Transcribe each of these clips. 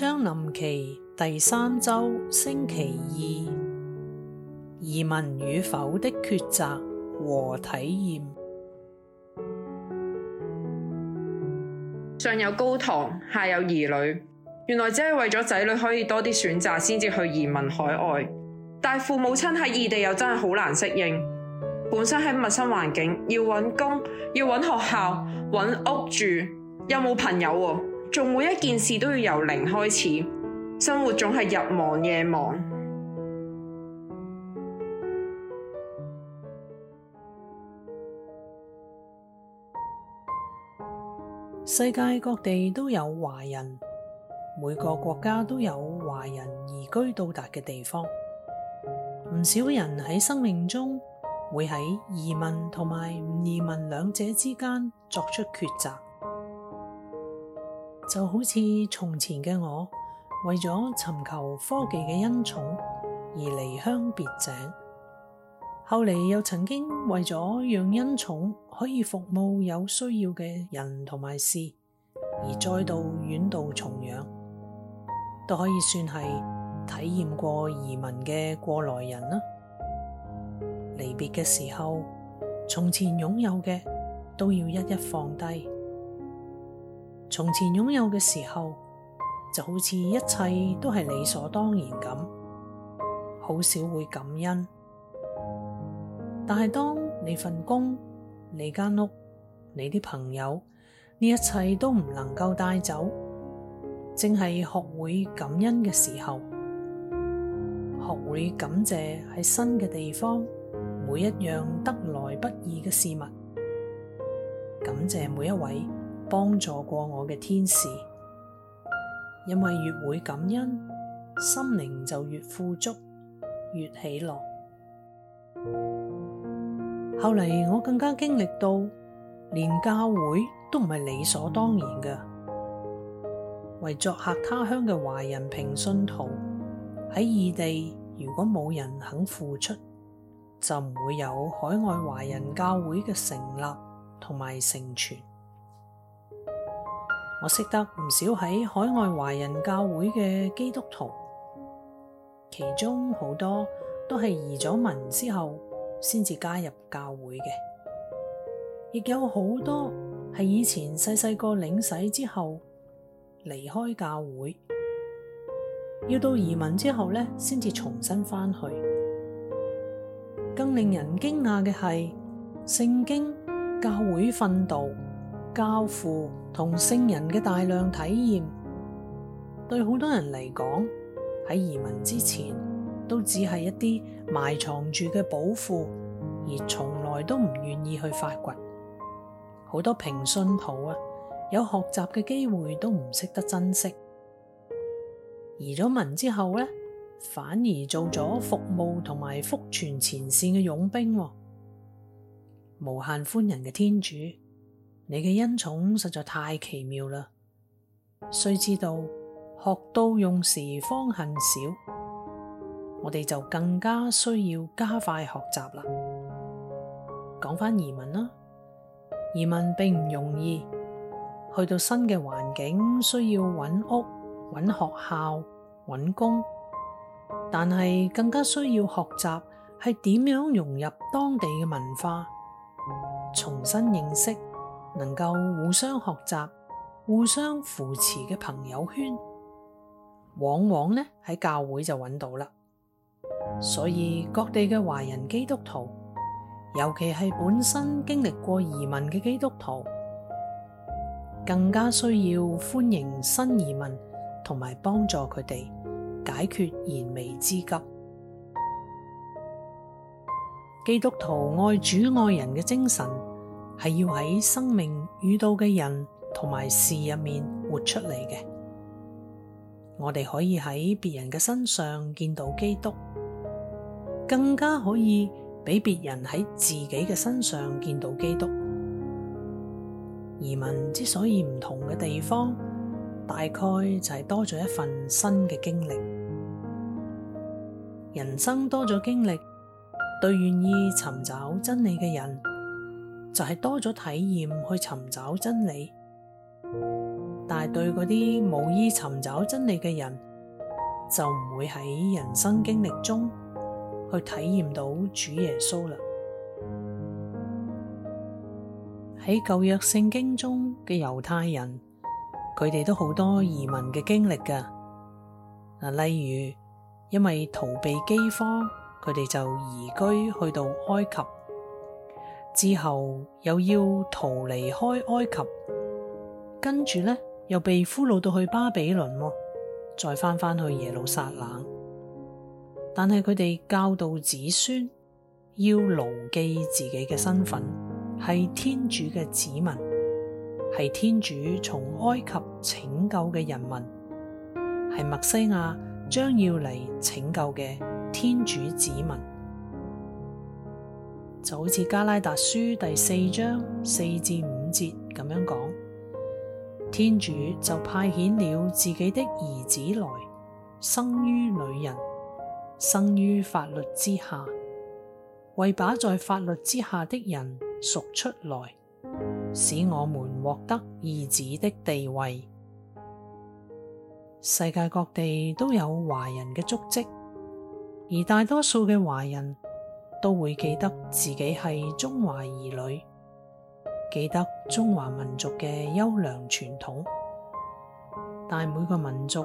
將臨期第三週星期二，移民與否的抉擇和體驗。上有高堂，下有兒女，原來只係為咗仔女可以多啲選擇，先至去移民海外。但父母親喺異地又真係好難適應，本身喺陌生環境要，要搵工，要搵學校，搵屋住，又冇朋友喎、啊。做每一件事都要由零開始，生活總係日忙夜忙。世界各地都有華人，每個國家都有華人移居到達嘅地方。唔少人喺生命中會喺移民同埋唔移民兩者之間作出抉擇。就好似從前嘅我，為咗尋求科技嘅恩寵而離鄉別井，後嚟又曾經為咗讓恩寵可以服務有需要嘅人同埋事，而再度遠渡重洋，都可以算係體驗過移民嘅過來人啦。離別嘅時候，從前擁有嘅都要一一放低。從前擁有嘅時候，就好似一切都係理所當然咁，好少會感恩。但係當你份工、你間屋、你啲朋友，呢一切都唔能夠帶走，正係學會感恩嘅時候，學會感謝喺新嘅地方每一樣得來不易嘅事物，感謝每一位。幫助過我嘅天使，因為越會感恩，心靈就越富足，越喜樂。後嚟我更加經歷到，連教會都唔係理所當然嘅。為作客他鄉嘅華人平信徒喺異地，如果冇人肯付出，就唔會有海外華人教會嘅成立同埋承傳。我識得唔少喺海外華人教會嘅基督徒，其中好多都係移咗民之後先至加入教會嘅，亦有好多係以前細細個領洗之後離開教會，要到移民之後呢先至重新翻去。更令人驚訝嘅係聖經教會訓導。教父同聖人嘅大量體驗，對好多人嚟講喺移民之前都只係一啲埋藏住嘅寶庫，而從來都唔願意去發掘。好多平信徒啊，有學習嘅機會都唔識得珍惜。移咗民之後呢，反而做咗服務同埋福傳前綫嘅勇兵，無限寬仁嘅天主。你嘅恩寵實在太奇妙啦！須知道，學到用時方恨少，我哋就更加需要加快學習啦。講返移民啦，移民並唔容易，去到新嘅環境，需要搵屋、搵學校、搵工，但係更加需要學習係點樣融入當地嘅文化，重新認識。能夠互相學習、互相扶持嘅朋友圈，往往咧喺教會就揾到啦。所以各地嘅華人基督徒，尤其係本身經歷過移民嘅基督徒，更加需要歡迎新移民，同埋幫助佢哋解決燃眉之急。基督徒愛主愛人嘅精神，係要喺生命遇到嘅人同埋事入面活出嚟嘅。我哋可以喺別人嘅身上見到基督，更加可以俾別人喺自己嘅身上見到基督。移民之所以唔同嘅地方，大概就係多咗一份新嘅經歷。人生多咗經歷，對願意尋找真理嘅人。就係多咗體驗去尋找真理，但係對嗰啲冇意尋找真理嘅人，就唔會喺人生經歷中去體驗到主耶穌啦。喺舊約聖經中嘅猶太人，佢哋都好多移民嘅經歷噶。嗱，例如因為逃避饑荒，佢哋就移居去到埃及。之後又要逃離開埃及，跟住呢又被俘虜到去巴比倫，再翻返去耶路撒冷。但係佢哋教導子孫要牢記自己嘅身份，係天主嘅子民，係天主從埃及拯救嘅人民，係默西亞將要嚟拯救嘅天主子民。就好似迦拉達書第四章四至五節咁樣講，天主就派遣了自己的兒子來，生於女人，生於法律之下，為把在法律之下的人贖出來，使我們獲得兒子的地位。世界各地都有華人嘅足跡，而大多數嘅華人。都會記得自己係中華兒女，記得中華民族嘅優良傳統。但每個民族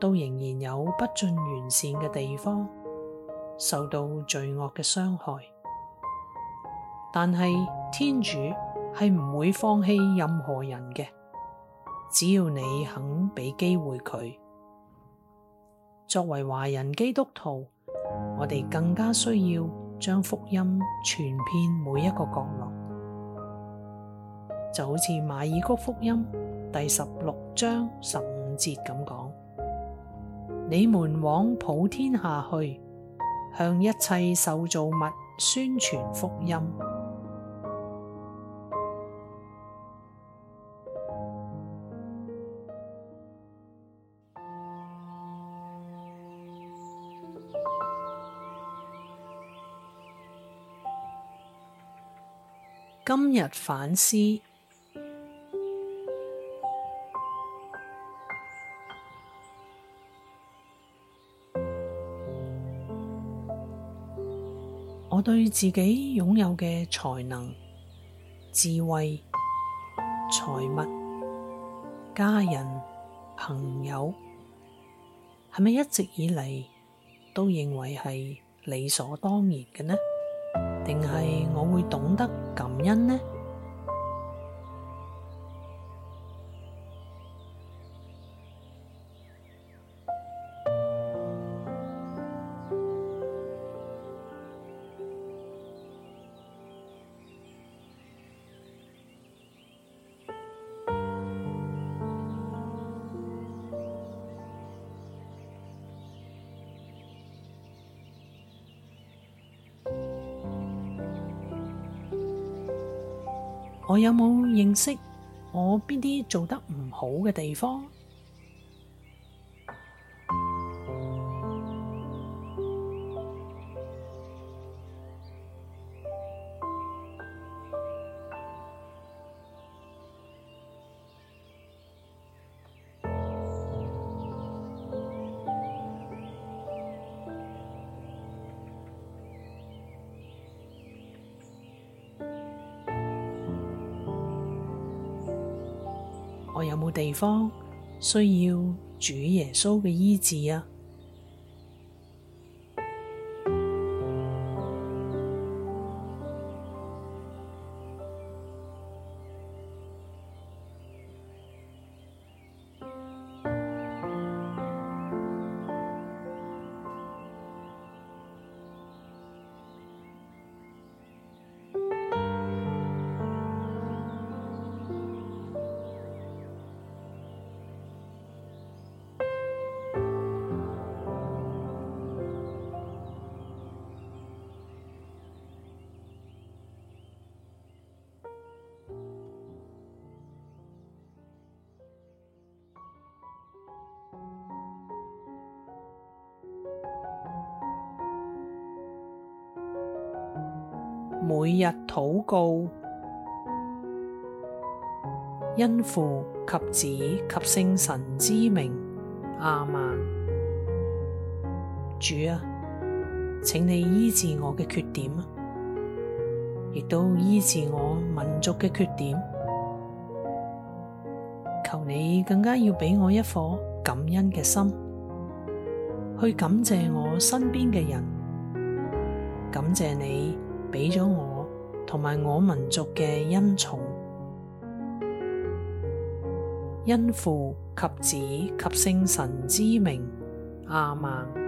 都仍然有不盡完善嘅地方，受到罪惡嘅傷害。但係天主係唔會放棄任何人嘅，只要你肯俾機會佢。作為華人基督徒，我哋更加需要。將福音傳遍每一個角落，就好似馬爾谷福音第十六章十五節咁講：你們往普天下去，向一切受造物宣傳福音。今日反思。我對自己擁有嘅才能、智慧、財物、家人、朋友，係咪一直以嚟都認為係理所當然嘅呢？定係我會懂得感恩呢？我有冇認識我邊啲做得唔好嘅地方？地方需要主耶穌嘅醫治啊！每日禱告，因父及子及聖神之名，阿們。主啊，請你醫治我嘅缺點，亦都醫治我民族嘅缺點。求你更加要畀我一顆感恩嘅心，去感謝我身邊嘅人，感謝你，俾咗我同埋我民族嘅恩寵，因父及子及聖神之名，亞孟。